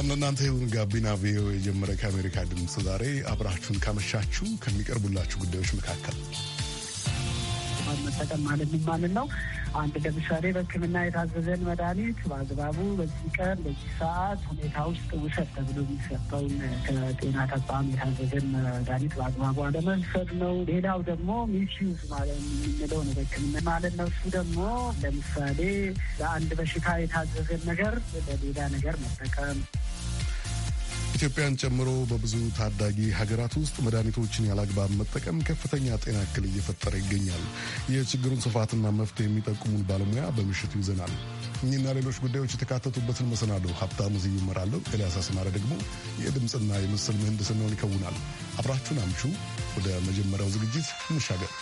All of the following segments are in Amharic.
ሰላም ለእናንተ ይሁን። ጋቢና ቪኦኤ የጀመረ ከአሜሪካ ድምፅ ዛሬ አብራችሁን ካመሻችሁ ከሚቀርቡላችሁ ጉዳዮች መካከል መጠቀም ማለት ምን ማለት ነው? አንድ ለምሳሌ በሕክምና የታዘዘን መድኃኒት በአግባቡ በዚህ ቀን በዚህ ሰዓት ሁኔታ ውስጥ ውሰድ ተብሎ የሚሰጠውን ከጤና ተቋም የታዘዘን መድኃኒት በአግባቡ አለመውሰድ ነው። ሌላው ደግሞ ሚስዩዝ ማለት የምንለው ነው በሕክምና ማለት ነው። እሱ ደግሞ ለምሳሌ ለአንድ በሽታ የታዘዘን ነገር ለሌላ ነገር መጠቀም ኢትዮጵያን ጨምሮ በብዙ ታዳጊ ሀገራት ውስጥ መድኃኒቶችን ያላግባብ መጠቀም ከፍተኛ ጤና እክል እየፈጠረ ይገኛል። የችግሩን ስፋትና መፍትሄ የሚጠቁሙን ባለሙያ በምሽቱ ይዘናል። እኚህና ሌሎች ጉዳዮች የተካተቱበትን መሰናዶ ሀብታሙ ዝይ ይመራለሁ። ኤልያስ አስማረ ደግሞ የድምፅና የምስል ምህንድስናውን ይከውናል። አብራችሁን አምቹ ወደ መጀመሪያው ዝግጅት እንሻገር።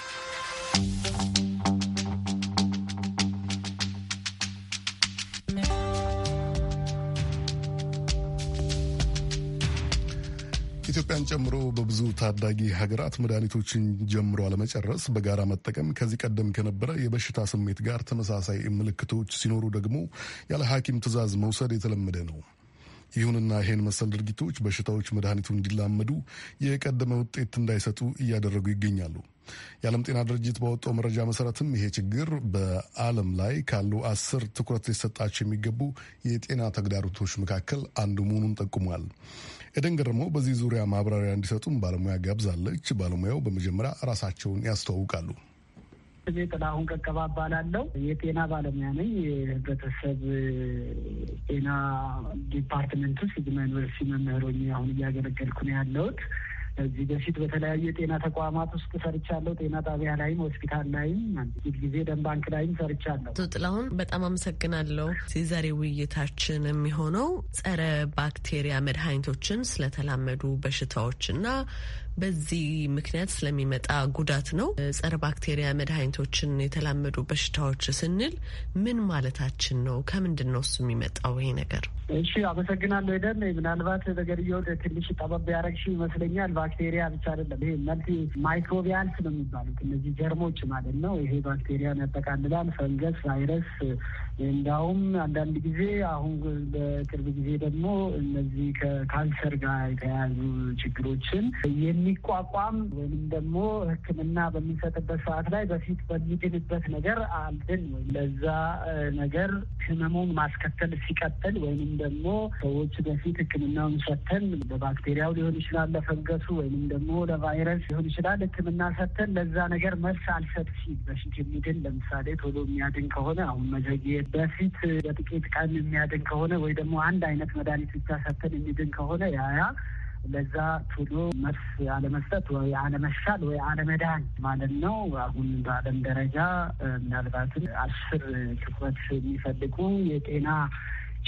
ጨምሮ በብዙ ታዳጊ ሀገራት መድኃኒቶችን ጀምሮ አለመጨረስ፣ በጋራ መጠቀም፣ ከዚህ ቀደም ከነበረ የበሽታ ስሜት ጋር ተመሳሳይ ምልክቶች ሲኖሩ ደግሞ ያለ ሐኪም ትዕዛዝ መውሰድ የተለመደ ነው። ይሁንና ይህን መሰል ድርጊቶች በሽታዎች መድኃኒቱ እንዲላመዱ የቀደመ ውጤት እንዳይሰጡ እያደረጉ ይገኛሉ። የዓለም ጤና ድርጅት ባወጣው መረጃ መሰረትም ይሄ ችግር በዓለም ላይ ካሉ አስር ትኩረት ሊሰጣቸው የሚገቡ የጤና ተግዳሮቶች መካከል አንዱ መሆኑን ጠቁሟል። ኤደን ገረመው በዚህ ዙሪያ ማብራሪያ እንዲሰጡም ባለሙያ ጋብዛለች። ባለሙያው በመጀመሪያ ራሳቸውን ያስተዋውቃሉ። እኔ ጥላሁን ቀቀባ እባላለሁ። የጤና ባለሙያ ነኝ። የህብረተሰብ ጤና ዲፓርትመንት ውስጥ ጅማ ዩኒቨርሲቲ መምህሮኝ አሁን እያገለገልኩ ነው ያለሁት። ከዚህ በፊት በተለያዩ የጤና ተቋማት ውስጥ ሰርቻለሁ። ጤና ጣቢያ ላይም ሆስፒታል ላይም አንድ ጊዜ ደም ባንክ ላይም ሰርቻለሁ። አቶ ጥላሁን በጣም አመሰግናለሁ። የዛሬ ውይይታችን የሚሆነው ጸረ ባክቴሪያ መድኃኒቶችን ስለተላመዱ በሽታዎችና በዚህ ምክንያት ስለሚመጣ ጉዳት ነው። ጸረ ባክቴሪያ መድኃኒቶችን የተላመዱ በሽታዎች ስንል ምን ማለታችን ነው? ከምንድን ነው እሱ የሚመጣው ይሄ ነገር? እሺ፣ አመሰግናለሁ ኤደን። ምናልባት ነገርየው ትንሽ ጠበብ ያደረግሽ ይመስለኛል። ባክቴሪያ ብቻ አይደለም ይሄ መልቲ ማይክሮቢያልስ ነው የሚባሉት እነዚህ ጀርሞች ማለት ነው። ይሄ ባክቴሪያን ያጠቃልላል። ፈንገስ፣ ቫይረስ እንዲሁም አንዳንድ ጊዜ አሁን በቅርብ ጊዜ ደግሞ እነዚህ ከካንሰር ጋር የተያያዙ ችግሮችን የሚ የሚቋቋም ወይም ደግሞ ሕክምና በሚሰጥበት ሰዓት ላይ በፊት በሚድንበት ነገር አልድን ወይም ለዛ ነገር ህመሙን ማስከተል ሲቀጥል ወይንም ደግሞ ሰዎች በፊት ሕክምናውን ሰተን ለባክቴሪያው ሊሆን ይችላል፣ ለፈንገሱ ወይንም ደግሞ ለቫይረስ ሊሆን ይችላል። ሕክምና ሰተን ለዛ ነገር መልስ አልሰጥ ሲል በፊት የሚድን ለምሳሌ ቶሎ የሚያድን ከሆነ አሁን መዘግየት፣ በፊት በጥቂት ቀን የሚያድን ከሆነ ወይ ደግሞ አንድ አይነት መድኃኒት ብቻ ሰተን የሚድን ከሆነ ያያ ለዛ ቶሎ መልስ ያለመስጠት ወይ አለመሻል ወይ አለመዳን ማለት ነው። አሁን በዓለም ደረጃ ምናልባትም አስር ትኩረት የሚፈልጉ የጤና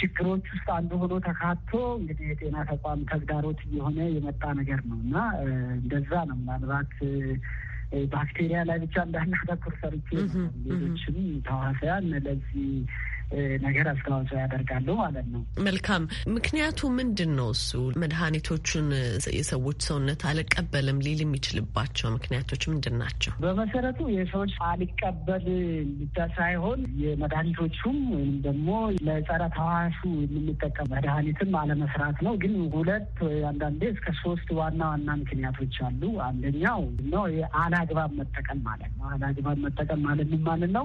ችግሮች ውስጥ አንዱ ሆኖ ተካቶ እንግዲህ የጤና ተቋም ተግዳሮት እየሆነ የመጣ ነገር ነው እና እንደዛ ነው ምናልባት ባክቴሪያ ላይ ብቻ እንዳናተኩር ሰርቼ ሌሎችም ተዋሳያን ለዚህ ነገር አስተዋጽኦ ያደርጋሉ ማለት ነው። መልካም። ምክንያቱ ምንድን ነው? እሱ መድኃኒቶቹን የሰዎች ሰውነት አልቀበልም ሊል የሚችልባቸው ምክንያቶች ምንድን ናቸው? በመሰረቱ የሰዎች አልቀበል ብቻ ሳይሆን የመድኃኒቶቹም ወይም ደግሞ ለጸረ ተዋሹ የምንጠቀም መድኃኒትም አለመስራት ነው። ግን ሁለት አንዳንዴ እስከ ሶስት ዋና ዋና ምክንያቶች አሉ። አንደኛው ነው አላግባብ መጠቀም ማለት ነው። አላግባብ መጠቀም ማለት ምን ማለት ነው?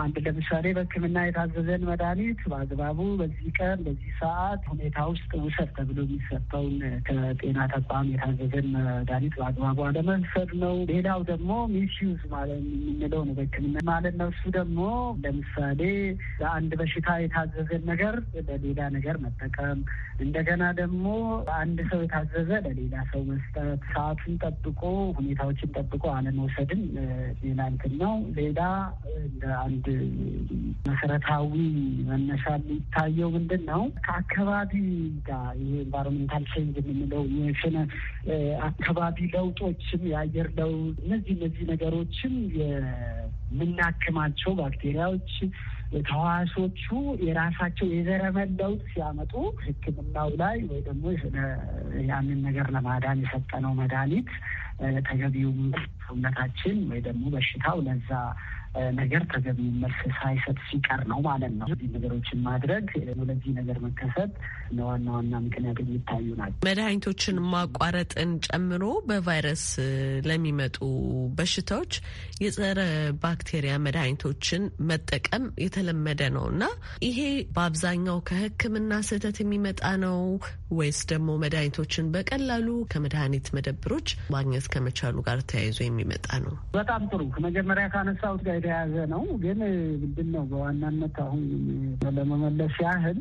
አንድ ለምሳሌ በሕክምና የታዘዘን መድኃኒት በአግባቡ በዚህ ቀን በዚህ ሰዓት ሁኔታ ውስጥ ውሰድ ተብሎ የሚሰጠውን ከጤና ተቋም የታዘዘን መድኃኒት በአግባቡ አለመውሰድ ነው። ሌላው ደግሞ ሚስዩዝ ማለት የምንለው ነው በሕክምና ማለት ነው። እሱ ደግሞ ለምሳሌ ለአንድ በሽታ የታዘዘን ነገር ለሌላ ነገር መጠቀም፣ እንደገና ደግሞ አንድ ሰው የታዘዘ ለሌላ ሰው መስጠት፣ ሰዓቱን ጠብቆ ሁኔታዎችን ጠብቆ አለመውሰድም ሌላ እንትን ነው። ሌላ እንደ አንድ አንድ መሰረታዊ መነሻ የሚታየው ምንድን ነው? ከአካባቢ ጋር ይሄ ኤንቫይሮንሜንታል ቼንጅ የምንለው የስነ አካባቢ ለውጦችም የአየር ለውጥ እነዚህ እነዚህ ነገሮችም የምናክማቸው ባክቴሪያዎች ተዋሶቹ የራሳቸው የዘረመን ለውጥ ሲያመጡ ሕክምናው ላይ ወይ ደግሞ ያንን ነገር ለማዳን የሰጠነው መድኃኒት ተገቢውም ሰውነታችን ወይ ደግሞ በሽታው ለዛ ነገር ተገቢ መልስ ሳይሰጥ ሲቀር ነው ማለት ነው። ነገሮችን ማድረግ ለዚህ ነገር መከሰት እንደ ዋና ዋና ምክንያት የሚታዩ ናቸው። መድኃኒቶችን ማቋረጥን ጨምሮ በቫይረስ ለሚመጡ በሽታዎች የጸረ ባክቴሪያ መድኃኒቶችን መጠቀም የተለመደ ነው እና ይሄ በአብዛኛው ከሕክምና ስህተት የሚመጣ ነው ወይስ ደግሞ መድኃኒቶችን በቀላሉ ከመድኃኒት መደብሮች ማግኘት ከመቻሉ ጋር ተያይዞ የሚመጣ ነው? በጣም ጥሩ። ከመጀመሪያ ካነሳሁት ጋር የተያያዘ ነው። ግን ምንድን ነው በዋናነት አሁን ለመመለስ ያህል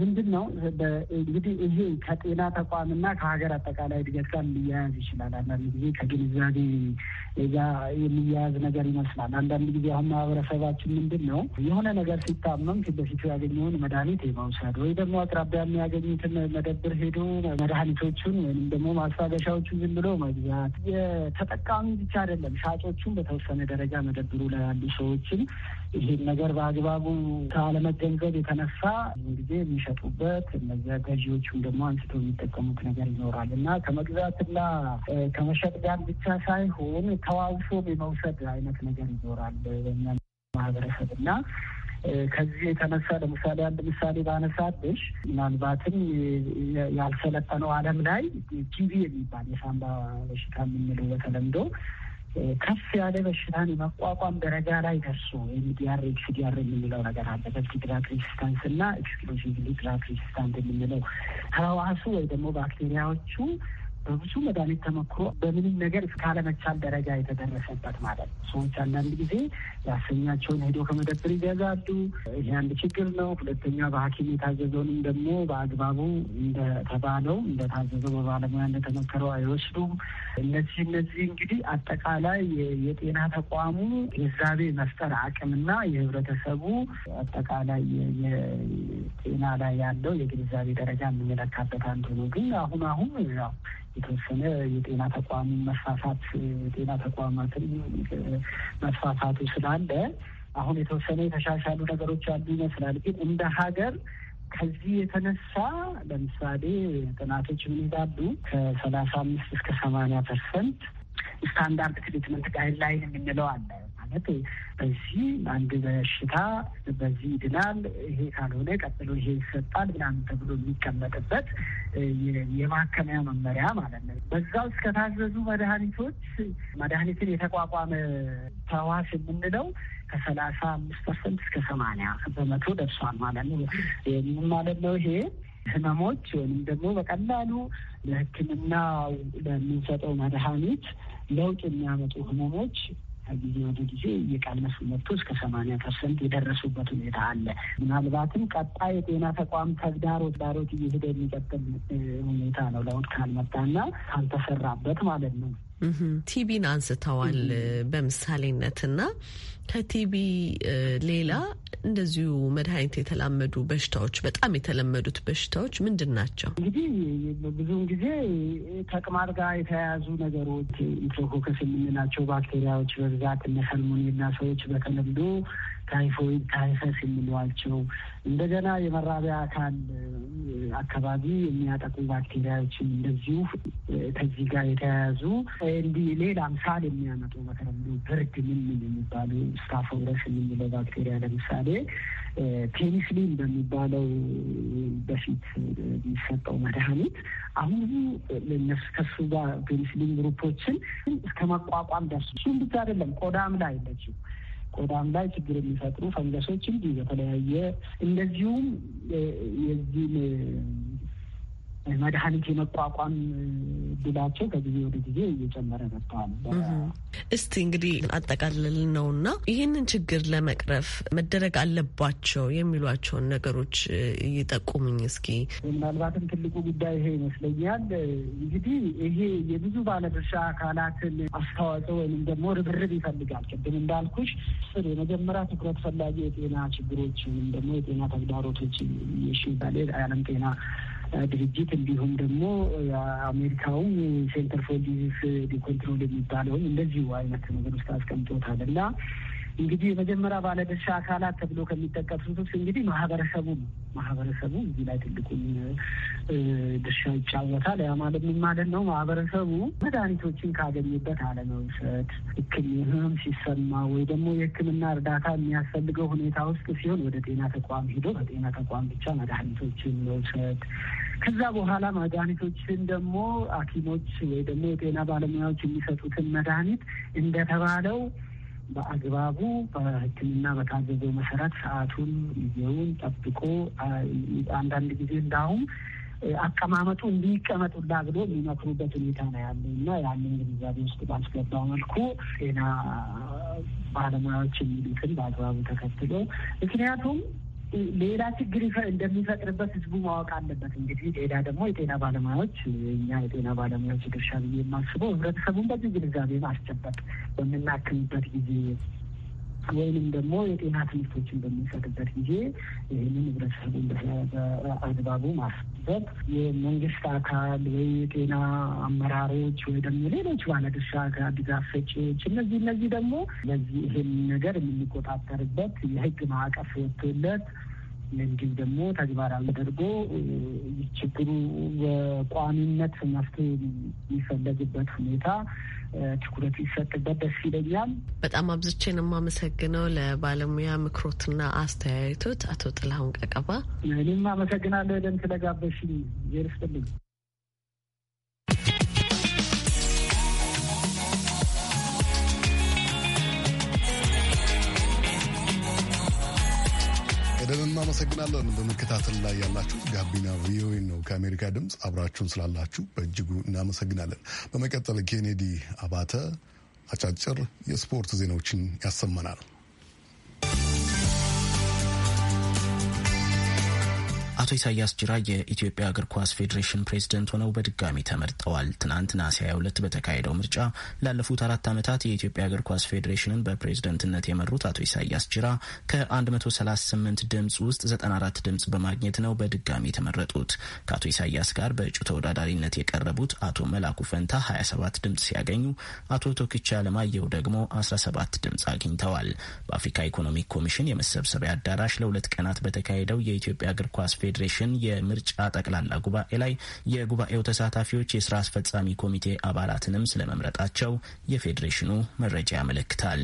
ምንድን ነው እንግዲህ ይሄ ከጤና ተቋምና ከሀገር አጠቃላይ እድገት ጋር ሊያያዝ ይችላል። አንዳንድ ጊዜ ከግንዛቤ ጋር የሚያያዝ ነገር ይመስላል። አንዳንድ ጊዜ አሁን ማህበረሰባችን ምንድን ነው የሆነ ነገር ሲታመም ፊት በፊቱ ያገኘውን መድኃኒት የመውሰድ ወይ ደግሞ አቅራቢያ የሚያገኙትን መደብር ሄዶ መድኃኒቶቹን ወይም ደግሞ ማስታገሻዎቹን ዝም ብሎ መግዛት የተጠቃሚ ብቻ አይደለም ሻጮቹን በተወሰነ ደረጃ መደብሩ ላይ ያሉ ሰዎችን ይህን ነገር በአግባቡ ካለመገንዘብ የተነሳ ጊዜ የሚሸጡበት እነዚያ ገዢዎቹም ደግሞ አንስቶ የሚጠቀሙት ነገር ይኖራል እና ከመግዛትና ከመሸጥ ጋር ብቻ ሳይሆን ተዋውሶ የመውሰድ አይነት ነገር ይኖራል በኛ ማህበረሰብ እና ከዚህ የተነሳ ለምሳሌ አንድ ምሳሌ ባነሳብሽ ምናልባትም ያልሰለጠነው ዓለም ላይ ቲቪ የሚባል የሳምባ በሽታ የምንለው በተለምዶ ከፍ ያለ በሽታን የመቋቋም ደረጃ ላይ ደርሶ የሚዲያር ኤክስዲያር የምንለው ነገር አለ። በዚህ ድራግ ሬሲስታንስ እና ኤክስክሉሲቭ ድራግ ሬሲስታንት የምንለው ተህዋሱ ወይ ደግሞ ባክቴሪያዎቹ በብዙ መድኃኒት ተመክሮ በምንም ነገር እስካለመቻል ደረጃ የተደረሰበት ማለት ነው። ሰዎች አንዳንድ ጊዜ ያሰኛቸውን ሄዶ ከመደብር ይገዛሉ። ይሄ አንድ ችግር ነው። ሁለተኛ በሐኪም የታዘዘውንም ደግሞ በአግባቡ እንደተባለው እንደታዘዘው በባለሙያ እንደተመከረው አይወስዱም። እነዚህ እነዚህ እንግዲህ አጠቃላይ የጤና ተቋሙ ግንዛቤ መፍጠር አቅምና የህብረተሰቡ አጠቃላይ የጤና ላይ ያለው የግንዛቤ ደረጃ የምንለካበት አንዱ ነው። ግን አሁን አሁን ያው የተወሰነ የጤና ተቋም መስፋፋት የጤና ተቋማትን መስፋፋቱ ስላለ አሁን የተወሰነ የተሻሻሉ ነገሮች አሉ ይመስላል። ግን እንደ ሀገር ከዚህ የተነሳ ለምሳሌ ጥናቶች ምን ይላሉ? ከሰላሳ አምስት እስከ ሰማንያ ፐርሰንት ስታንዳርድ ትሪትመንት ጋይድላይን የምንለው አለ ማለት በዚህ አንድ በሽታ በዚህ ይድናል፣ ይሄ ካልሆነ ቀጥሎ ይሄ ይሰጣል ምናምን ተብሎ የሚቀመጥበት የማከሚያ መመሪያ ማለት ነው። በዛው እስከታዘዙ መድኃኒቶች መድኃኒትን የተቋቋመ ተዋስ የምንለው ከሰላሳ አምስት ፐርሰንት እስከ ሰማንያ በመቶ ደርሷል ማለት ነው። ይህም ማለት ነው ይሄ ህመሞች ወይም ደግሞ በቀላሉ ለሕክምና ለምንሰጠው መድኃኒት ለውጥ የሚያመጡ ህመሞች ከጊዜ ወደ ጊዜ እየቀነሱ መጥቶ እስከ ሰማንያ ፐርሰንት የደረሱበት ሁኔታ አለ። ምናልባትም ቀጣይ የጤና ተቋም ተግዳሮት ዳሮት እየሄደ የሚቀጥል ሁኔታ ነው ለውጥ ካልመጣና ካልተሰራበት ማለት ነው። ቲቢን አንስተዋል በምሳሌነትና ከቲቢ ሌላ እንደዚሁ መድኃኒት የተላመዱ በሽታዎች በጣም የተለመዱት በሽታዎች ምንድን ናቸው? እንግዲህ ብዙውን ጊዜ ተቅማጥ ጋር የተያያዙ ነገሮች ኢንትሮኮከስ የምንላቸው ባክቴሪያዎች በብዛት እነ ሰልሞኔላ ሰዎች በተለምዶ ታይፎይድ፣ ታይፈስ የምንሏቸው እንደገና የመራቢያ አካል አካባቢ የሚያጠቁ ባክቴሪያዎችን እንደዚሁ ከዚህ ጋር የተያያዙ እንዲ ሌላ ሳል የሚያመጡ በተለምዶ ብርድ ምን የሚባሉ ስታፎረስ የምንለው ባክቴሪያ ለምሳሌ ፔኒስሊን በሚባለው በፊት የሚሰጠው መድኃኒት አሁን ብዙ ከሱ ጋር ፔኒስሊን ግሩፖችን እስከ መቋቋም ደርሱ። እሱም ብቻ አይደለም ቆዳም ላይ አለችው ቆዳም ላይ ችግር የሚፈጥሩ ፈንገሶች እንዲህ በተለያየ እንደዚሁም የዚህን መድኃኒት የመቋቋም ድላቸው ከጊዜ ወደ ጊዜ እየጨመረ መጥተዋል። እስቲ እንግዲህ አጠቃልል ነው እና ይህንን ችግር ለመቅረፍ መደረግ አለባቸው የሚሏቸውን ነገሮች ይጠቁምኝ እስኪ። ምናልባትም ትልቁ ጉዳይ ይሄ ይመስለኛል። እንግዲህ ይሄ የብዙ ባለድርሻ አካላትን አስተዋጽኦ ወይም ደግሞ ርብርብ ይፈልጋል። ቅድም እንዳልኩሽ የመጀመሪያ ትኩረት ፈላጊ የጤና ችግሮች ወይም ደግሞ የጤና ተግዳሮቶች የሺ ያለም ጤና ድርጅት እንዲሁም ደግሞ የአሜሪካውም ሴንተር ፎር ዲዚዝ ኮንትሮል የሚባለውን እንደዚሁ አይነት ነገር ውስጥ አስቀምጦታል እና እንግዲህ የመጀመሪያ ባለድርሻ አካላት ተብሎ ከሚጠቀሱት ውስጥ እንግዲህ ማህበረሰቡ ነው። ማህበረሰቡ እዚህ ላይ ትልቁን ድርሻ ይጫወታል። ያ ማለት ምን ማለት ነው? ማህበረሰቡ መድኃኒቶችን ካገኙበት አለመውሰድ፣ ሕክምናም ሲሰማ ወይ ደግሞ የህክምና እርዳታ የሚያስፈልገው ሁኔታ ውስጥ ሲሆን ወደ ጤና ተቋም ሄዶ በጤና ተቋም ብቻ መድኃኒቶችን መውሰድ ከዛ በኋላ መድኃኒቶችን ደግሞ ሐኪሞች ወይ ደግሞ የጤና ባለሙያዎች የሚሰጡትን መድኃኒት እንደተባለው በአግባቡ በሕክምና በታዘዘው መሰረት ሰዓቱን ጊዜውን ጠብቆ አንዳንድ ጊዜ እንዳሁም አቀማመጡ እንዲቀመጡላ ብሎ የሚመክሩበት ሁኔታ ነው ያለ እና ያንን ግንዛቤ ውስጥ ባስገባው መልኩ ጤና ባለሙያዎች የሚሉትን በአግባቡ ተከትሎ ምክንያቱም ሌላ ችግር እንደሚፈጥርበት ህዝቡ ማወቅ አለበት። እንግዲህ ሌላ ደግሞ የጤና ባለሙያዎች እኛ የጤና ባለሙያዎች ድርሻ ብዬ የማስበው ህብረተሰቡን በዚህ ግንዛቤ ማስጨበቅ በምናክምበት ጊዜ ወይንም ደግሞ የጤና ትምህርቶችን በምንሰጥበት ጊዜ ይህንን ህብረተሰቡን በአግባቡ ማስበት የመንግስት አካል ወይ የጤና አመራሮች ወይ ደግሞ ሌሎች ባለድርሻ ድጋፍ ሰጪዎች እነዚህ እነዚህ ደግሞ ለዚህ ይህን ነገር የምንቆጣጠርበት የህግ ማዕቀፍ ወጥቶለት እንዲሁ ደግሞ ተግባራዊ ተደርጎ ችግሩ በቋሚነት መፍትሄ የሚፈለግበት ሁኔታ ትኩረት ሊሰጥበት ደስ ይለኛል። በጣም አብዝቼን የማመሰግነው ለባለሙያ ምክሮትና አስተያየቶት አቶ ጥላሁን ቀቀባ። እኔም አመሰግናለሁ ደን ስለጋበሽኝ። ዜርስጥልኝ አደን እናመሰግናለን። በመከታተል ላይ ያላችሁ ጋቢና ቪኦኤ ነው። ከአሜሪካ ድምፅ አብራችሁን ስላላችሁ በእጅጉ እናመሰግናለን። በመቀጠል ኬኔዲ አባተ አጫጭር የስፖርት ዜናዎችን ያሰማናል። ኢሳያስ ጅራ የኢትዮጵያ እግር ኳስ ፌዴሬሽን ፕሬዝደንት ሆነው በድጋሚ ተመርጠዋል። ትናንት ነሐሴ 22 በተካሄደው ምርጫ ላለፉት አራት ዓመታት የኢትዮጵያ እግር ኳስ ፌዴሬሽንን በፕሬዝደንትነት የመሩት አቶ ኢሳያስ ጅራ ከ138 ድምፅ ውስጥ 94 ድምፅ በማግኘት ነው በድጋሚ የተመረጡት። ከአቶ ኢሳያስ ጋር በእጩ ተወዳዳሪነት የቀረቡት አቶ መላኩ ፈንታ 27 ድምፅ ሲያገኙ፣ አቶ ቶኪቻ አለማየሁ ደግሞ 17 ድምፅ አግኝተዋል። በአፍሪካ ኢኮኖሚክ ኮሚሽን የመሰብሰቢያ አዳራሽ ለሁለት ቀናት በተካሄደው የኢትዮጵያ እግር ኳስ ፌዴሬሽን ኮርፖሬሽን የምርጫ ጠቅላላ ጉባኤ ላይ የጉባኤው ተሳታፊዎች የስራ አስፈጻሚ ኮሚቴ አባላትንም ስለመምረጣቸው የፌዴሬሽኑ መረጃ ያመለክታል።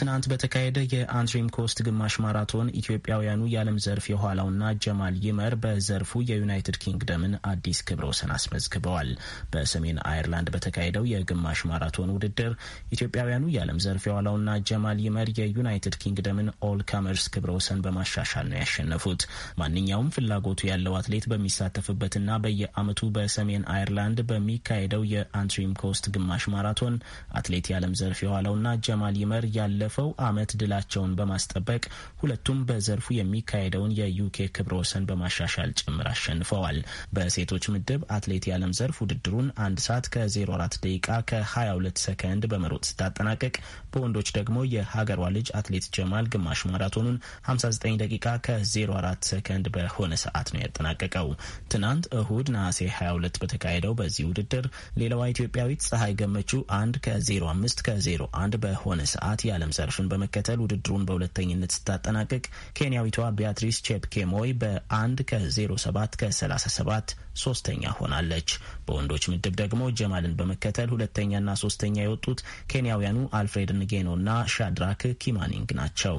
ትናንት በተካሄደ የአንትሪም ኮስት ግማሽ ማራቶን ኢትዮጵያውያኑ የዓለም ዘርፍ የኋላውና ጀማል ይመር በዘርፉ የዩናይትድ ኪንግደምን አዲስ ክብረ ወሰን አስመዝግበዋል። በሰሜን አየርላንድ በተካሄደው የግማሽ ማራቶን ውድድር ኢትዮጵያውያኑ የዓለም ዘርፍ የኋላውና ጀማል ይመር የዩናይትድ ኪንግደምን ኦል ካመርስ ክብረ ወሰን በማሻሻል ነው ያሸነፉት። ማንኛውም ፍላጎቱ ያለው አትሌት በሚሳተፍበትና በየዓመቱ በሰሜን አየርላንድ በሚካሄደው የአንትሪም ኮስት ግማሽ ማራቶን አትሌት የዓለም ዘርፍ የኋላውና ጀማል ይመር ያለ ባለፈው አመት ድላቸውን በማስጠበቅ ሁለቱም በዘርፉ የሚካሄደውን የዩኬ ክብረ ወሰን በማሻሻል ጭምር አሸንፈዋል። በሴቶች ምድብ አትሌት የዓለም ዘርፍ ውድድሩን አንድ ሰዓት ከ04 ደቂቃ ከ22 ሰከንድ በመሮጥ ስታጠናቀቅ በወንዶች ደግሞ የሀገሯ ልጅ አትሌት ጀማል ግማሽ ማራቶኑን 59 ደቂቃ ከ04 ሰከንድ በሆነ ሰዓት ነው ያጠናቀቀው። ትናንት እሁድ ነሐሴ 22 በተካሄደው በዚህ ውድድር ሌላዋ ኢትዮጵያዊት ፀሐይ ገመቹ አንድ ከ05 ከ01 በሆነ ሰዓት የዓለም ዘርፍን በመከተል ውድድሩን በሁለተኝነት ስታጠናቅቅ ኬንያዊቷ ቢያትሪስ ቼፕኬሞይ በአንድ ከ07 ከ37 ሶስተኛ ሆናለች። በወንዶች ምድብ ደግሞ ጀማልን በመከተል ሁለተኛና ሶስተኛ የወጡት ኬንያውያኑ አልፍሬድ ንጌኖ ሻድራክ ኪማኒንግ ናቸው።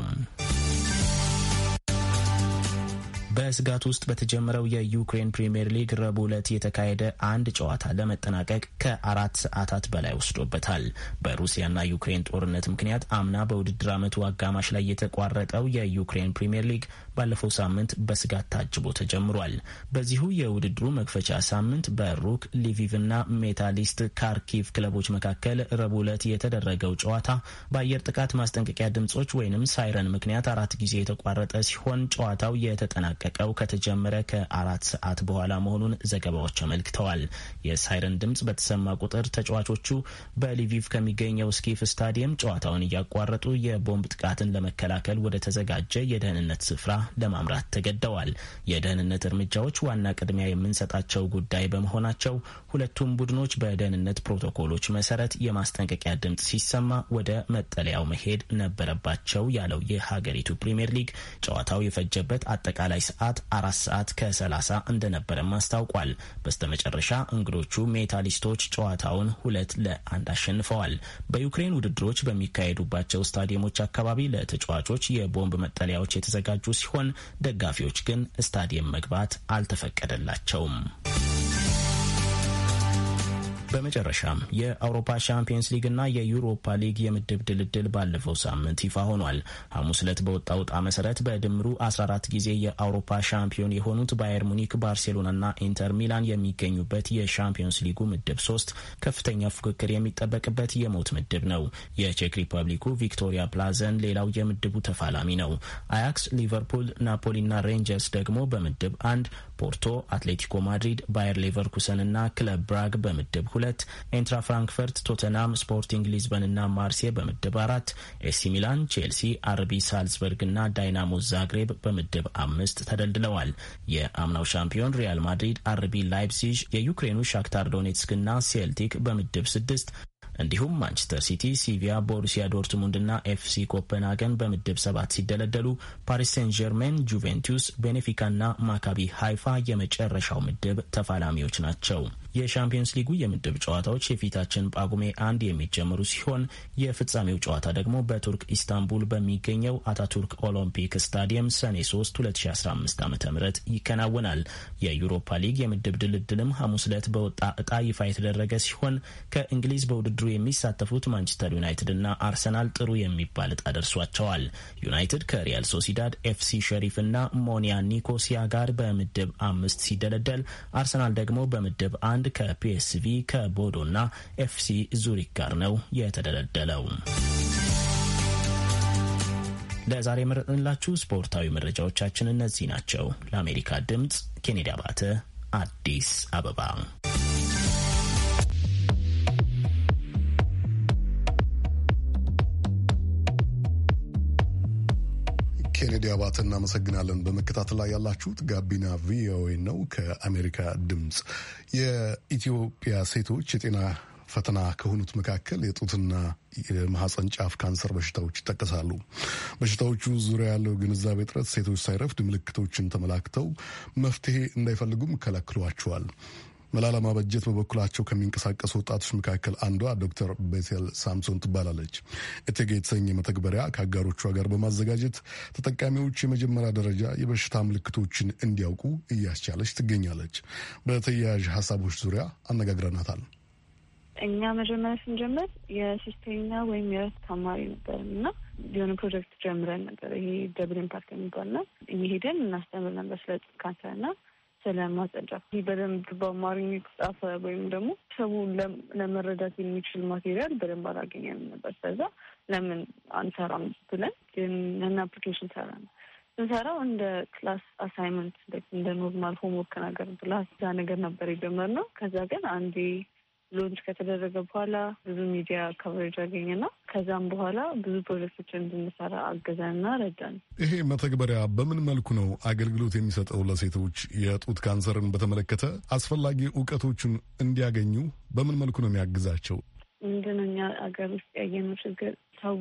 በስጋት ውስጥ በተጀመረው የዩክሬን ፕሪምየር ሊግ ረቡዕ ዕለት የተካሄደ አንድ ጨዋታ ለመጠናቀቅ ከአራት ሰዓታት በላይ ወስዶበታል። በሩሲያና ዩክሬን ጦርነት ምክንያት አምና በውድድር ዓመቱ አጋማሽ ላይ የተቋረጠው የዩክሬን ፕሪምየር ሊግ ባለፈው ሳምንት በስጋት ታጅቦ ተጀምሯል። በዚሁ የውድድሩ መክፈቻ ሳምንት በሩክ ሊቪቭና ሜታሊስት ካርኪቭ ክለቦች መካከል ረቡዕ ዕለት የተደረገው ጨዋታ በአየር ጥቃት ማስጠንቀቂያ ድምጾች ወይንም ሳይረን ምክንያት አራት ጊዜ የተቋረጠ ሲሆን ጨዋታው የተጠናቀ የተጠናቀቀው ከተጀመረ ከአራት ሰዓት በኋላ መሆኑን ዘገባዎች አመልክተዋል። የሳይረን ድምጽ በተሰማ ቁጥር ተጫዋቾቹ በሊቪቭ ከሚገኘው ስኪፍ ስታዲየም ጨዋታውን እያቋረጡ የቦምብ ጥቃትን ለመከላከል ወደ ተዘጋጀ የደህንነት ስፍራ ለማምራት ተገደዋል። የደህንነት እርምጃዎች ዋና ቅድሚያ የምንሰጣቸው ጉዳይ በመሆናቸው ሁለቱም ቡድኖች በደህንነት ፕሮቶኮሎች መሰረት የማስጠንቀቂያ ድምጽ ሲሰማ ወደ መጠለያው መሄድ ነበረባቸው ያለው የሀገሪቱ ፕሪምየር ሊግ ጨዋታው የፈጀበት አጠቃላይ ሰዓት አራት ሰዓት ከ30 እንደነበረም አስታውቋል። በስተመጨረሻ እንግዶቹ ሜታሊስቶች ጨዋታውን ሁለት ለአንድ አሸንፈዋል። በዩክሬን ውድድሮች በሚካሄዱባቸው ስታዲየሞች አካባቢ ለተጫዋቾች የቦምብ መጠለያዎች የተዘጋጁ ሲሆን ደጋፊዎች ግን ስታዲየም መግባት አልተፈቀደላቸውም። በመጨረሻም የአውሮፓ ሻምፒየንስ እና የዩሮፓ ሊግ የምድብ ድልድል ባለፈው ሳምንት ይፋ ሆኗል። ሐሙስ ዕለት በወጣው ዕጣ መሰረት በድምሩ 14 ጊዜ የአውሮፓ ሻምፒዮን የሆኑት ባየር ሙኒክ፣ ባርሴሎናና ኢንተር ሚላን የሚገኙበት የሻምፒየንስ ሊጉ ምድብ ሶስት ከፍተኛ ፉክክር የሚጠበቅበት የሞት ምድብ ነው። የቼክ ሪፐብሊኩ ቪክቶሪያ ፕላዘን ሌላው የምድቡ ተፋላሚ ነው። አያክስ፣ ሊቨርፑል፣ ናፖሊና ሬንጀርስ ደግሞ በምድብ አንድ፣ ፖርቶ፣ አትሌቲኮ ማድሪድ፣ ባየር ና ክለብ ብራግ በምድብ ሁለት፣ ኤንትራ ፍራንክፈርት፣ ቶተናም፣ ስፖርቲንግ ና ማርሴ በምድብ አራት፣ ኤሲ ሚላን፣ ቼልሲ፣ አርቢ ና ዳይናሞ ዛግሬብ በምድብ አምስት ተደልድለዋል። የአምናው ሻምፒዮን ሪያል ማድሪድ፣ አርቢ ላይፕሲጅ፣ የዩክሬኑ ሻክታር ና ሴልቲክ በምድብ ስድስት እንዲሁም ማንቸስተር ሲቲ፣ ሲቪያ፣ ቦሩሲያ ዶርትሙንድ ና ኤፍሲ ኮፐንሃገን በምድብ ሰባት ሲደለደሉ ፓሪስ ሴን ጀርሜን፣ ጁቬንቱስ፣ ና ማካቢ ሀይፋ የመጨረሻው ምድብ ተፋላሚዎች ናቸው። የሻምፒየንስ ሊጉ የምድብ ጨዋታዎች የፊታችን ጳጉሜ አንድ የሚጀምሩ ሲሆን የፍጻሜው ጨዋታ ደግሞ በቱርክ ኢስታንቡል በሚገኘው አታቱርክ ኦሎምፒክ ስታዲየም ሰኔ 3 2015 ዓ ም ይከናወናል። የዩሮፓ ሊግ የምድብ ድልድልም ሐሙስ ዕለት በወጣ እጣ ይፋ የተደረገ ሲሆን ከእንግሊዝ በውድድሩ የሚሳተፉት ማንቸስተር ዩናይትድ እና አርሰናል ጥሩ የሚባል እጣ ደርሷቸዋል። ዩናይትድ ከሪያል ሶሲዳድ፣ ኤፍሲ ሸሪፍ እና ሞኒያ ኒኮሲያ ጋር በምድብ አምስት ሲደለደል አርሰናል ደግሞ በምድብ አንድ አንድ ከፒኤስቪ ከቦዶ እና ኤፍሲ ዙሪክ ጋር ነው የተደለደለው። ለዛሬ የመረጥንላችሁ ስፖርታዊ መረጃዎቻችን እነዚህ ናቸው። ለአሜሪካ ድምፅ ኬኔዲ አባተ አዲስ አበባ ኬኔዲ አባተ እናመሰግናለን። በመከታተል ላይ ያላችሁት ጋቢና ቪኦኤ ነው ከአሜሪካ ድምፅ። የኢትዮጵያ ሴቶች የጤና ፈተና ከሆኑት መካከል የጡትና የማህፀን ጫፍ ካንሰር በሽታዎች ይጠቀሳሉ። በሽታዎቹ ዙሪያ ያለው ግንዛቤ እጥረት ሴቶች ሳይረፍድ ምልክቶችን ተመላክተው መፍትሄ እንዳይፈልጉም ከለክሏቸዋል። መላላማ በጀት በበኩላቸው ከሚንቀሳቀሱ ወጣቶች መካከል አንዷ ዶክተር ቤቴል ሳምሶን ትባላለች። እቴጌ የተሰኘ መተግበሪያ ከአጋሮቿ ጋር በማዘጋጀት ተጠቃሚዎች የመጀመሪያ ደረጃ የበሽታ ምልክቶችን እንዲያውቁ እያስቻለች ትገኛለች። በተያያዥ ሀሳቦች ዙሪያ አነጋግረናታል። እኛ መጀመሪያ ስንጀምር የሶስተኛ ወይም የረት ተማሪ ነበር እና የሆነ ፕሮጀክት ጀምረን ነበር። ይሄ ደብል ኢምፓክት የሚባል ነው። እየሄደን እናስተምር ነበር ስለ ካንሰር እና ስለ ማጸዳት በደንብ በአማርኛ የተጻፈ ወይም ደግሞ ሰው ለመረዳት የሚችል ማቴሪያል በደንብ አላገኘንም ነበር። ከዛ ለምን አንሰራም ብለን ግን ያን አፕሊኬሽን ሰራ ነው ስንሰራው እንደ ክላስ አሳይመንት እንደ ኖርማል ሆምወርክ ነገር ብላ ዛ ነገር ነበር የጀመርነው። ከዛ ግን አንዴ ሎንች ከተደረገ በኋላ ብዙ ሚዲያ ከቨሬጅ አገኘና ከዛም በኋላ ብዙ ፕሮጀክቶች እንድንሰራ አገዛና ረዳን። ይሄ መተግበሪያ በምን መልኩ ነው አገልግሎት የሚሰጠው? ለሴቶች የጡት ካንሰርን በተመለከተ አስፈላጊ እውቀቶቹን እንዲያገኙ በምን መልኩ ነው የሚያግዛቸው? ምንድን እኛ አገር ውስጥ ያየነው ችግር ሰው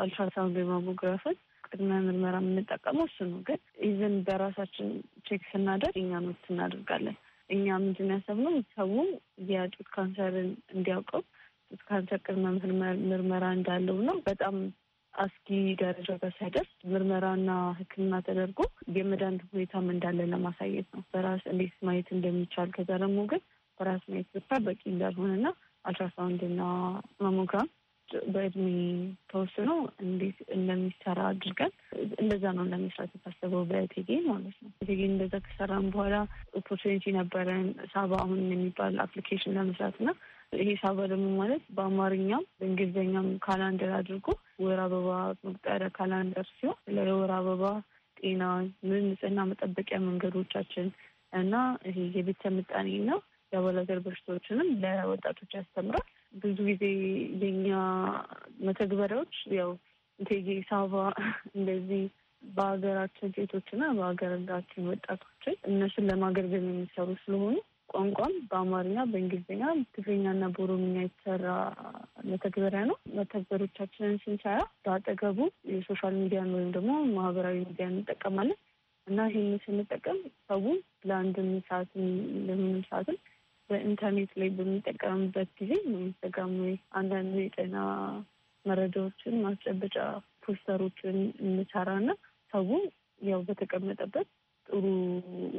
አልትራሳውንድ ማሞግራፍን ቅድመ ምርመራ የምንጠቀመው እሱ ነው። ግን ኢዝን በራሳችን ቼክ ስናደርግ እኛ ኖት እናደርጋለን እኛ ምንድን ያሰብነው ሰው የጡት ካንሰርን እንዲያውቀው ጡት ካንሰር ቅድመ ምርመራ እንዳለው ነው። በጣም አስጊ ደረጃ ጋር ሳይደርስ ምርመራና ሕክምና ተደርጎ የመዳን ሁኔታም እንዳለ ለማሳየት ነው። በራስ እንዴት ማየት እንደሚቻል ከዛ ደግሞ ግን በራስ ማየት ብቻ በቂ እንዳልሆነና አልትራሳውንድና ማሞግራም በእድሜ ተወስኖ እንዴት እንደሚሰራ አድርገን እንደዛ ነው እንደመስራት የታሰበው በቴጌ ማለት ነው። ቴጌ እንደዛ ከሰራን በኋላ ኦፖርቹኒቲ ነበረን ሳባ አሁን የሚባል አፕሊኬሽን ለመስራት እና ይሄ ሳባ ደግሞ ማለት በአማርኛም በእንግሊዝኛም ካላንደር አድርጎ ወር አበባ መቁጠሪያ ካላንደር ሲሆን ለወር አበባ ጤና፣ ምን ንጽህና መጠበቂያ መንገዶቻችን እና ይሄ ነው ምጣኔና የአባላዘር በሽታዎችንም ለወጣቶች ያስተምራል። ብዙ ጊዜ የኛ መተግበሪያዎች ያው እቴጌ ሳባ እንደዚህ በሀገራችን ሴቶችና በሀገራችን ወጣቶችን እነሱን ለማገልገል የሚሰሩ ስለሆኑ ቋንቋም በአማርኛ፣ በእንግሊዝኛ፣ ትግርኛና በኦሮምኛ የተሰራ መተግበሪያ ነው። መተግበሪዎቻችንን ስንሰራ በአጠገቡ የሶሻል ሚዲያን ወይም ደግሞ ማህበራዊ ሚዲያ እንጠቀማለን እና ይህን ስንጠቀም ሰው ለአንድም ሰዓት ለምንም ሰዓትም በኢንተርኔት ላይ በሚጠቀምበት ጊዜ ኢንስታግራም ላይ አንዳንድ የጤና መረጃዎችን ማስጨበጫ ፖስተሮችን እንሰራና ሰው ያው በተቀመጠበት ጥሩ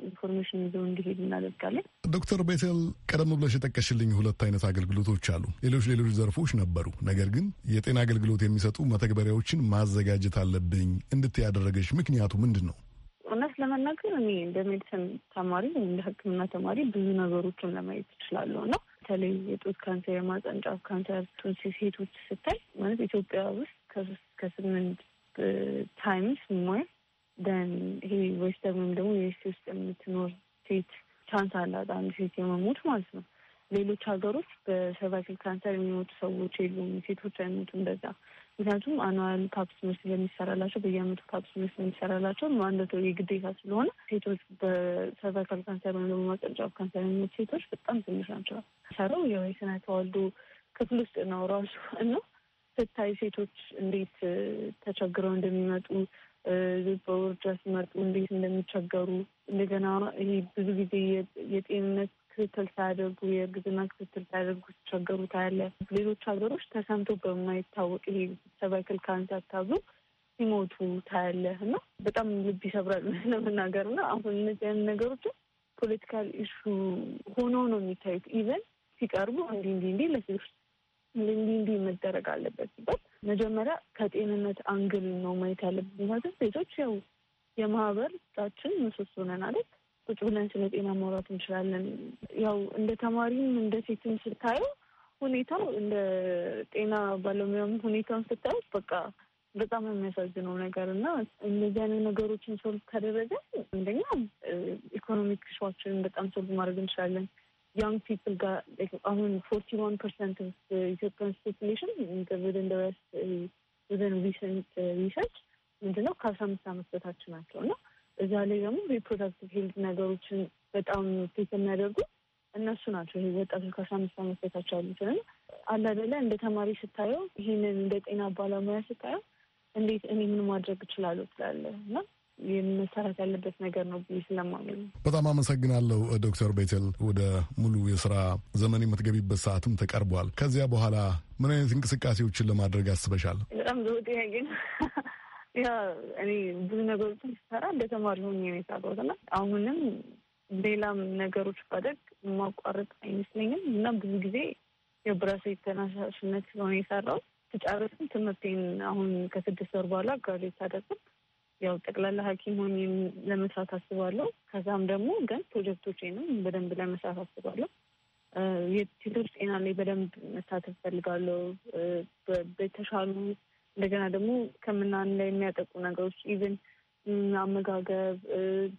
ኢንፎርሜሽን ይዘው እንዲሄድ እናደርጋለን። ዶክተር ቤተል ቀደም ብለሽ የጠቀሽልኝ ሁለት አይነት አገልግሎቶች አሉ። ሌሎች ሌሎች ዘርፎች ነበሩ። ነገር ግን የጤና አገልግሎት የሚሰጡ መተግበሪያዎችን ማዘጋጀት አለብኝ እንድት ያደረገች ምክንያቱ ምንድን ነው? ለመናገር እኔ እንደ ሜዲሲን ተማሪ ወይም እንደ ሕክምና ተማሪ ብዙ ነገሮችን ለማየት እችላለሁ እና በተለይ የጡት ካንሰር፣ የማህጸን ጫፍ ካንሰር፣ ቱንሲ ሴቶች ስታይ ማለት ኢትዮጵያ ውስጥ ከሶስት ከስምንት ታይምስ ሞር ደን ይሄ ዌስተርን ወይም ደግሞ የስ ውስጥ የምትኖር ሴት ቻንስ አላት አንድ ሴት የመሞት ማለት ነው። ሌሎች ሀገሮች በሰርቫይክል ካንሰር የሚሞቱ ሰዎች የሉም፣ ሴቶች አይሞቱም በዛ ምክንያቱም አኗዋል ፓፕ ስሜር ስለሚሰራላቸው በየአመቱ ፓፕ ስሜር ስለሚሰራላቸው አንድ የግዴታ ስለሆነ ሴቶች በሰርቫይካል ካንሰር ወይም ደግሞ ማጸጫው ካንሰር የሚሞት ሴቶች በጣም ትንሽ ናቸው። ሰራው የስነ ተዋልዶ ክፍል ውስጥ ነው ራሱ እና ስታይ ሴቶች እንዴት ተቸግረው እንደሚመጡ በውርጃ ሲመጡ እንዴት እንደሚቸገሩ እንደገና ይሄ ብዙ ጊዜ የጤንነት ክትትል ሳያደርጉ የእርግዝና ክትትል ሳያደርጉ ሲቸገሩ ታያለ። ሌሎች ሀገሮች ተሰምቶ በማይታወቅ ይሄ ሰርቫይክል ካንሰር ተብሎ ሲሞቱ ታያለ እና በጣም ልብ ይሰብራል ለመናገር እና አሁን እነዚህ አይነት ነገሮችን ፖለቲካል ኢሹ ሆኖ ነው የሚታዩት። ኢቨን ሲቀርቡ እንዲህ እንዲህ እንዲህ ለሴቶች እንዲህ እንዲህ መደረግ አለበት ሲባል መጀመሪያ ከጤንነት አንግል ነው ማየት ያለብን። ምክንያቱም ሴቶች ያው የማህበረሰባችን ምሰሶ ነን አለት ቁጭ ብለን ስለ ጤና ማውራት እንችላለን። ያው እንደ ተማሪም እንደ ሴትም ስታየው ሁኔታው እንደ ጤና ባለሙያም ሁኔታውን ስታየው በቃ በጣም የሚያሳዝነው ነገር እና እነዚህ አይነት ነገሮችን ሶልቭ ከደረገ አንደኛ ኢኮኖሚክ ሸችን በጣም ሶልቭ ማድረግ እንችላለን። ያንግ ፒፕል ጋር አሁን ፎርቲ ዋን ፐርሰንት ኢትዮጵያን ፖፑሌሽን ወደን ደስ ወደን ሪሰንት ሪሰርች ምንድነው ከአስራ አምስት አመት በታች ናቸው እና እዛ ላይ ደግሞ ሪፕሮዳክቲቭ ሄልዝ ነገሮችን በጣም ፌት የሚያደርጉ እነሱ ናቸው። ይሄ ወጣቶች ከአስራ አምስት ዓመት በታች ያሉትን አለ እንደ ተማሪ ስታየው ይህንን እንደ ጤና ባለሙያ ስታየው እንዴት እኔ ምን ማድረግ እችላለሁ ትላለ እና መሰረት ያለበት ነገር ነው ብዬ ስለማምን በጣም አመሰግናለሁ ዶክተር ቤትል ወደ ሙሉ የስራ ዘመን የምትገቢበት ሰዓትም ተቀርቧል። ከዚያ በኋላ ምን አይነት እንቅስቃሴዎችን ለማድረግ አስበሻል? በጣም ዘውጤ ጥያቄ ያ እኔ ብዙ ነገሮችን ስሰራ እንደ ተማሪ ሆኜ ነው የሰራሁት እና አሁንም ሌላም ነገሮች ባደግ የማቋረጥ አይመስለኝም እና ብዙ ጊዜ የብራሴ ተነሳሽነት ስለሆነ የሰራው ተጫረስም ትምህርቴን አሁን ከስድስት ወር በኋላ ጋሌ ሳደርግም ያው ጠቅላላ ሐኪም ሆኜ ለመስራት አስባለሁ። ከዛም ደግሞ ግን ፕሮጀክቶቼንም በደንብ ለመስራት አስባለሁ። የሴቶች ጤና ላይ በደንብ መሳተፍ ፈልጋለሁ። በተሻሉ እንደገና ደግሞ ከምናን ላይ የሚያጠቁ ነገሮች ኢቨን አመጋገብ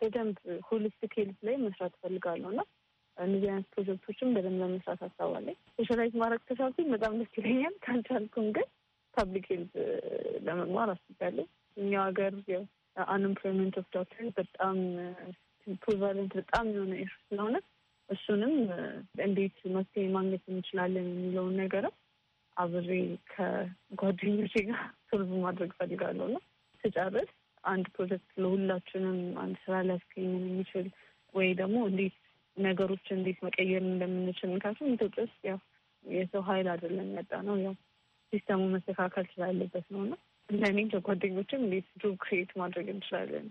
በደንብ ሆሊስቲክ ሄልት ላይ መስራት እፈልጋለሁ እና እነዚህ አይነት ፕሮጀክቶችም በደንብ ለመስራት ሀሳብ ሶሻላይት ማድረግ ተሻልኩኝ በጣም ደስ ይለኛል። ካልቻልኩም ግን ፐብሊክ ሄልት ለመማር አስቤያለሁ። እኛው ሀገር አንኤምፕሎይመንት ኦፍ ዶክተር በጣም ፕሪቫለንት በጣም የሆነ ኢሹ ስለሆነ እሱንም እንዴት መፍትሄ ማግኘት እንችላለን የሚለውን ነገርም አብሬ ከጓደኞቼ ጋር ሶልቭ ማድረግ ፈልጋለሁ ነው ስጨርስ አንድ ፕሮጀክት ለሁላችንም አንድ ስራ ሊያስገኝን የሚችል ወይ ደግሞ እንዴት ነገሮች እንዴት መቀየር እንደምንችል ምክንያቱም ኢትዮጵያ ውስጥ ያው የሰው ሀይል አይደለም ያጣ ነው ያው ሲስተሙ መስተካከል ስላለበት ነው እና ለእኔም ከጓደኞችም እንዴት ጆብ ክሬት ማድረግ እንችላለን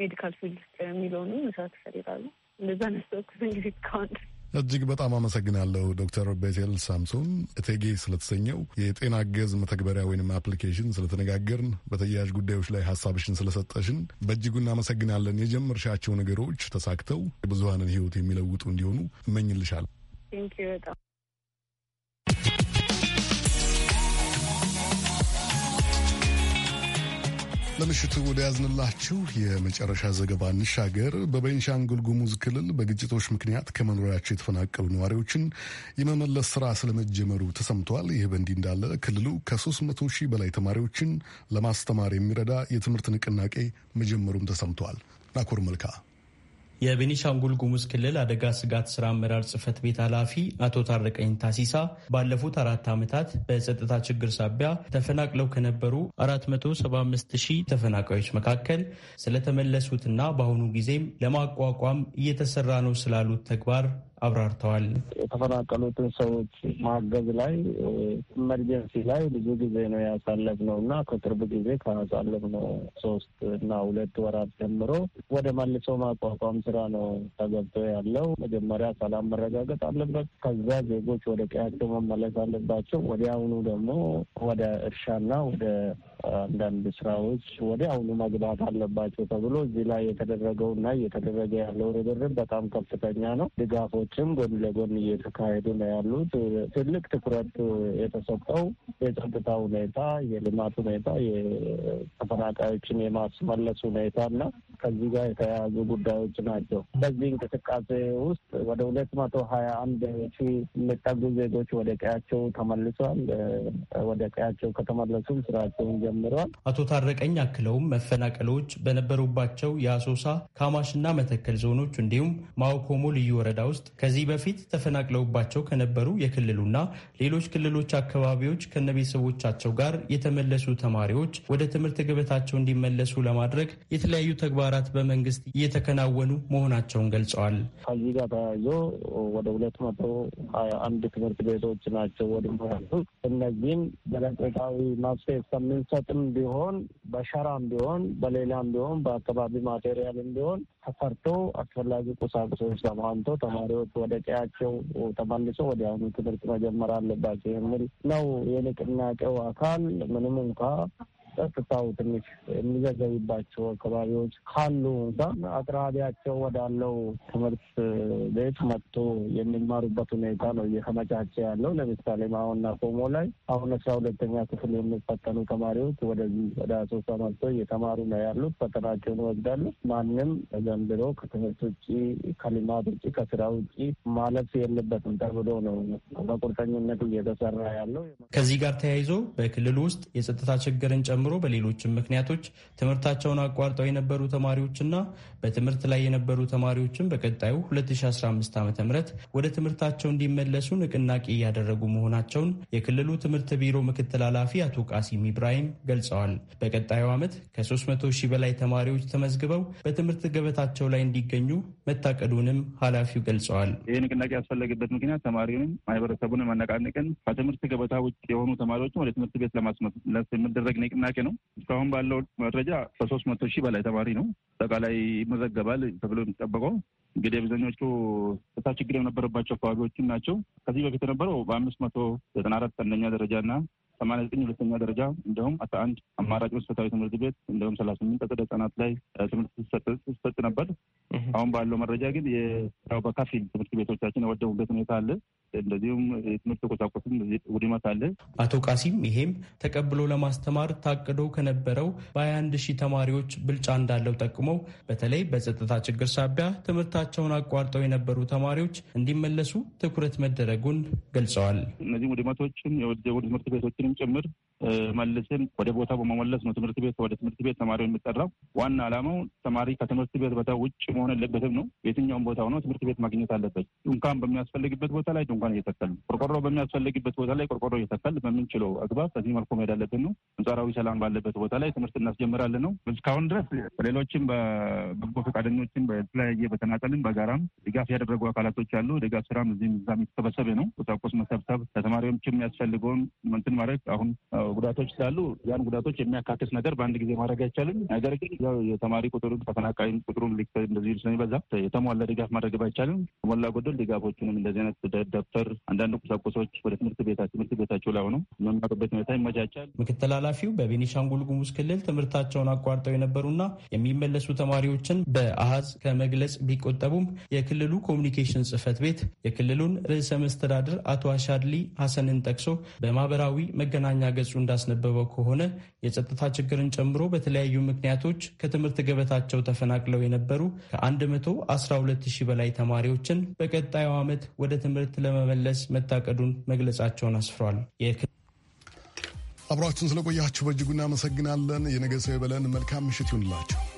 ሜዲካል ፊልድ ውስጥ የሚለውንም መስራት ይፈልጋሉ። እንደዛ ነስተወኩት እንግዲህ ከአንድ እጅግ በጣም አመሰግናለሁ ዶክተር ቤቴል ሳምሶን እቴጌ ስለተሰኘው የጤና ገዝ መተግበሪያ ወይም አፕሊኬሽን ስለተነጋገርን፣ በተያያዥ ጉዳዮች ላይ ሀሳብሽን ስለሰጠሽን በእጅጉ እናመሰግናለን። የጀመርሻቸው ነገሮች ተሳክተው የብዙሀንን ህይወት የሚለውጡ እንዲሆኑ እመኝልሻለሁ። ለምሽቱ ወደ ያዝንላችሁ የመጨረሻ ዘገባ እንሻገር። በቤንሻንጉል ጉሙዝ ክልል በግጭቶች ምክንያት ከመኖሪያቸው የተፈናቀሉ ነዋሪዎችን የመመለስ ስራ ስለመጀመሩ ተሰምቷል። ይህ በእንዲህ እንዳለ ክልሉ ከ300 ሺህ በላይ ተማሪዎችን ለማስተማር የሚረዳ የትምህርት ንቅናቄ መጀመሩም ተሰምቷል። ናኮር መልካ የቤኒሻንጉል ጉሙዝ ክልል አደጋ ስጋት ስራ አመራር ጽህፈት ቤት ኃላፊ አቶ ታረቀኝ ታሲሳ ባለፉት አራት ዓመታት በጸጥታ ችግር ሳቢያ ተፈናቅለው ከነበሩ 475 ሺህ ተፈናቃዮች መካከል ስለተመለሱትና በአሁኑ ጊዜም ለማቋቋም እየተሰራ ነው ስላሉት ተግባር አብራርተዋል። የተፈናቀሉትን ሰዎች ማገዝ ላይ ኢመርጀንሲ ላይ ብዙ ጊዜ ነው ነው እና ከቅርብ ጊዜ ነው ሶስት እና ሁለት ወራት ጀምሮ ወደ መልሶ ማቋቋም ስራ ነው ተገብቶ ያለው። መጀመሪያ ሰላም መረጋገጥ አለበት። ከዛ ዜጎች ወደ ቀያቸው መመለስ አለባቸው። ወዲያውኑ ደግሞ ወደ እርሻና ወደ አንዳንድ ስራዎች አሁኑ መግባት አለባቸው ተብሎ እዚህ ላይ የተደረገው እና እየተደረገ ያለው ርብርብ በጣም ከፍተኛ ነው። ድጋፎችም ጎን ለጎን እየተካሄዱ ነው ያሉት። ትልቅ ትኩረት የተሰጠው የጸጥታ ሁኔታ፣ የልማት ሁኔታ፣ የተፈናቃዮችን የማስመለስ ሁኔታ እና ከዚህ ጋር የተያያዙ ጉዳዮች ናቸው። በዚህ እንቅስቃሴ ውስጥ ወደ ሁለት መቶ ሀያ አንድ ሺ የሚጠጉ ዜጎች ወደ ቀያቸው ተመልሷል። ወደ ቀያቸው ከተመለሱም ስራቸውን ጀምረዋል። አቶ ታረቀኝ አክለውም መፈናቀሎች በነበሩባቸው የአሶሳ ካማሽና መተከል ዞኖች እንዲሁም ማኦኮሞ ልዩ ወረዳ ውስጥ ከዚህ በፊት ተፈናቅለውባቸው ከነበሩ የክልሉና ሌሎች ክልሎች አካባቢዎች ከነቤተሰቦቻቸው ጋር የተመለሱ ተማሪዎች ወደ ትምህርት ገበታቸው እንዲመለሱ ለማድረግ የተለያዩ ተግባራት በመንግስት እየተከናወኑ መሆናቸውን ገልጸዋል። ከዚህ ጋር ተያይዞ ወደ ሁለት መቶ ሀያ አንድ ትምህርት ቤቶች ናቸው ወድመዋል። እነዚህም ማስፌት ማስፌ በመጠጥም ቢሆን በሸራም ቢሆን በሌላም ቢሆን በአካባቢ ማቴሪያልም ቢሆን ተፈርቶ አስፈላጊ ቁሳቁሶች ተሟልቶ ተማሪዎች ወደ ቀያቸው ተመልሶ ወዲያውኑ ትምህርት መጀመር አለባቸው የሚል ነው የንቅናቄው አካል ምንም እንኳ ጸጥታው ትንሽ የሚዘገይባቸው አካባቢዎች ካሉ እንኳን አቅራቢያቸው ወዳለው ትምህርት ቤት መጥቶ የሚማሩበት ሁኔታ ነው እየተመቻቸ ያለው። ለምሳሌ ማሆና ኮሞ ላይ አሁን አስራ ሁለተኛ ክፍል የሚፈተኑ ተማሪዎች ወደዚህ ወደ አሶሳ መጥቶ እየተማሩ ነው ያሉት። ፈተናቸውን ይወስዳሉ። ማንም ዘንድሮ ከትምህርት ውጭ፣ ከልማት ውጭ፣ ከስራ ውጭ ማለፍ የለበትም ተብሎ ነው በቁርጠኝነት እየተሰራ ያለው። ከዚህ ጋር ተያይዞ በክልሉ ውስጥ የጸጥታ ችግርን ጨ ጨምሮ በሌሎችም ምክንያቶች ትምህርታቸውን አቋርጠው የነበሩ ተማሪዎችና በትምህርት ላይ የነበሩ ተማሪዎችን በቀጣዩ 2015 ዓ ም ወደ ትምህርታቸው እንዲመለሱ ንቅናቄ እያደረጉ መሆናቸውን የክልሉ ትምህርት ቢሮ ምክትል ኃላፊ አቶ ቃሲም ኢብራሂም ገልጸዋል። በቀጣዩ ዓመት ከ300 ሺህ በላይ ተማሪዎች ተመዝግበው በትምህርት ገበታቸው ላይ እንዲገኙ መታቀዱንም ኃላፊው ገልጸዋል። ይህ ንቅናቄ ያስፈለግበት ምክንያት ተማሪውንም ማህበረሰቡን አነቃነቅን ከትምህርት ገበታ ውጭ የሆኑ ተማሪዎችን ወደ ትምህርት ቤት ለማስመለስ የምደረግ ንቅና ንቅናቄ ነው። እስካሁን ባለው መረጃ ከሶስት መቶ ሺህ በላይ ተማሪ ነው አጠቃላይ ይመዘገባል ተብሎ የሚጠበቀው እንግዲህ አብዛኞቹ ታ ችግር የነበረባቸው አካባቢዎችን ናቸው። ከዚህ በፊት የነበረው በአምስት መቶ ዘጠና አራት አንደኛ ደረጃ እና ሰማንያ ዘጠኝ ሁለተኛ ደረጃ እንዲሁም አስራ አንድ አማራጭ መሰረታዊ ትምህርት ቤት እንዲሁም ሰላሳ ስምንት አጸደ ህጻናት ላይ ትምህርት ሲሰጥ ነበር። አሁን ባለው መረጃ ግን በከፊል ትምህርት ቤቶቻችን የወደሙበት ሁኔታ አለ። እንደዚሁም የትምህርት ቁሳቁስም ውድመት አለ። አቶ ቃሲም ይሄም ተቀብሎ ለማስተማር ታቅዶ ከነበረው በ21 ሺህ ተማሪዎች ብልጫ እንዳለው ጠቅመው በተለይ በጸጥታ ችግር ሳቢያ ትምህርታቸውን አቋርጠው የነበሩ ተማሪዎች እንዲመለሱ ትኩረት መደረጉን ገልጸዋል። እነዚህም ውድመቶችን የወደቡ ትምህርት ቤቶችንም ጭምር መልስን ወደ ቦታ በመመለስ ነው። ትምህርት ቤት ወደ ትምህርት ቤት ተማሪው የሚጠራው ዋና ዓላማው ተማሪ ከትምህርት ቤት በታ ውጭ መሆን የለበትም ነው። የትኛውም ቦታ ሆኖ ትምህርት ቤት ማግኘት አለበት። ድንኳን በሚያስፈልግበት ቦታ ላይ ድንኳን እየተከል፣ ነው። ቆርቆሮ በሚያስፈልግበት ቦታ ላይ ቆርቆሮ እየተከል፣ በምንችለው አግባብ በዚህ መልኩ መሄድ አለብን ነው። አንጻራዊ ሰላም ባለበት ቦታ ላይ ትምህርት እናስጀምራለን ነው። እስካሁን ድረስ በሌሎችም በበጎ ፈቃደኞችን በተለያየ በተናጠልን በጋራም ድጋፍ ያደረጉ አካላቶች አሉ። ድጋፍ ስራም እዚህም እዛም የተሰበሰበ ነው። ቁሳቁስ መሰብሰብ ለተማሪዎችም የሚያስፈልገውን እንትን ማድረግ አሁን ጉዳቶች ስላሉ ያን ጉዳቶች የሚያካትት ነገር በአንድ ጊዜ ማድረግ አይቻልም። ነገር ግን ያው የተማሪ ቁጥሩን ተፈናቃይ ቁጥሩን እንደዚህ ስለሚበዛ የተሟላ ድጋፍ ማድረግ ባይቻልም ሞላ ጎደል ድጋፎቹንም እንደዚህ አይነት ደብተር፣ አንዳንድ ቁሳቁሶች ወደ ትምህርት ቤታ ትምህርት ቤታቸው ላይ ሆነው የሚማሩበት ሁኔታ ይመቻቻል። ምክትል ኃላፊው በቤኒሻንጉል ጉሙዝ ክልል ትምህርታቸውን አቋርጠው የነበሩና የሚመለሱ ተማሪዎችን በአሃዝ ከመግለጽ ቢቆጠቡም የክልሉ ኮሚኒኬሽን ጽህፈት ቤት የክልሉን ርዕሰ መስተዳድር አቶ አሻድሊ ሀሰንን ጠቅሶ በማህበራዊ መገናኛ ገጹ እንዳስነበበው ከሆነ የጸጥታ ችግርን ጨምሮ በተለያዩ ምክንያቶች ከትምህርት ገበታቸው ተፈናቅለው የነበሩ ከ 112000 በላይ ተማሪዎችን በቀጣዩ ዓመት ወደ ትምህርት ለመመለስ መታቀዱን መግለጻቸውን አስፍሯል። አብራችሁን ስለቆያችሁ በእጅጉ እናመሰግናለን። የነገ ሰው ይበለን። መልካም ምሽት ይሁንላችሁ።